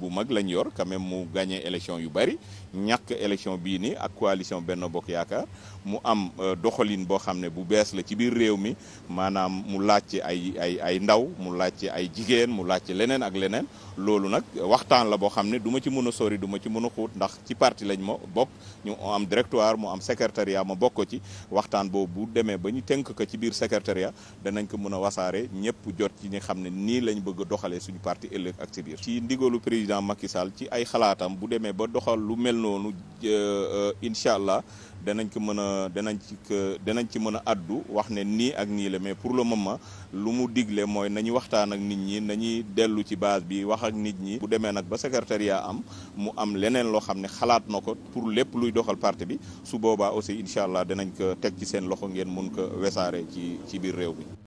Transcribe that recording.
bu mag lañ yor quand mu gagné élection yu bari ñàkk élection bii nii ak coalition Benno Bokk Yaakaar mu am euh, doxalin boo xam ne bu bees la ci biir réew mi maanaam mu laaj ci ay ay ay ndaw mu laaj ci ay jigéen mu laaj ci leneen ak leneen loolu nag waxtaan la boo xam ne duma ci mën a sori duma ci mën a xuut ndax ci parti lañ ma bokk ñu am directoire mu am secrétariat ma bokk ci waxtaan boobu bu demee ba ñu tënk ko ci biir secrétariat danañ ko mën a wasaare ñëpp jot ci ñi xam ne nii lañ bëgg doxalee suñu parti ëllëg ak ci président Macky Sall ci ay xalaatam bu demee ba doxal lu mel noonu euh, euh, incha allah danañ ko mën a danañ ci danañ ci mën a addu wax ne nii ak nii le mais pour le moment lu mu digle mooy nañu waxtaan ak nit ñi nañuy dellu ci base bi wax ak nit ñi. bu demee nag ba secrétariat am mu am leneen loo xam ne xalaat na ko pour lépp luy doxal parti bi su boobaa aussi incha allah danañ ko teg ci seen loxo ngeen mun ko wesaare ci ci biir réew mi.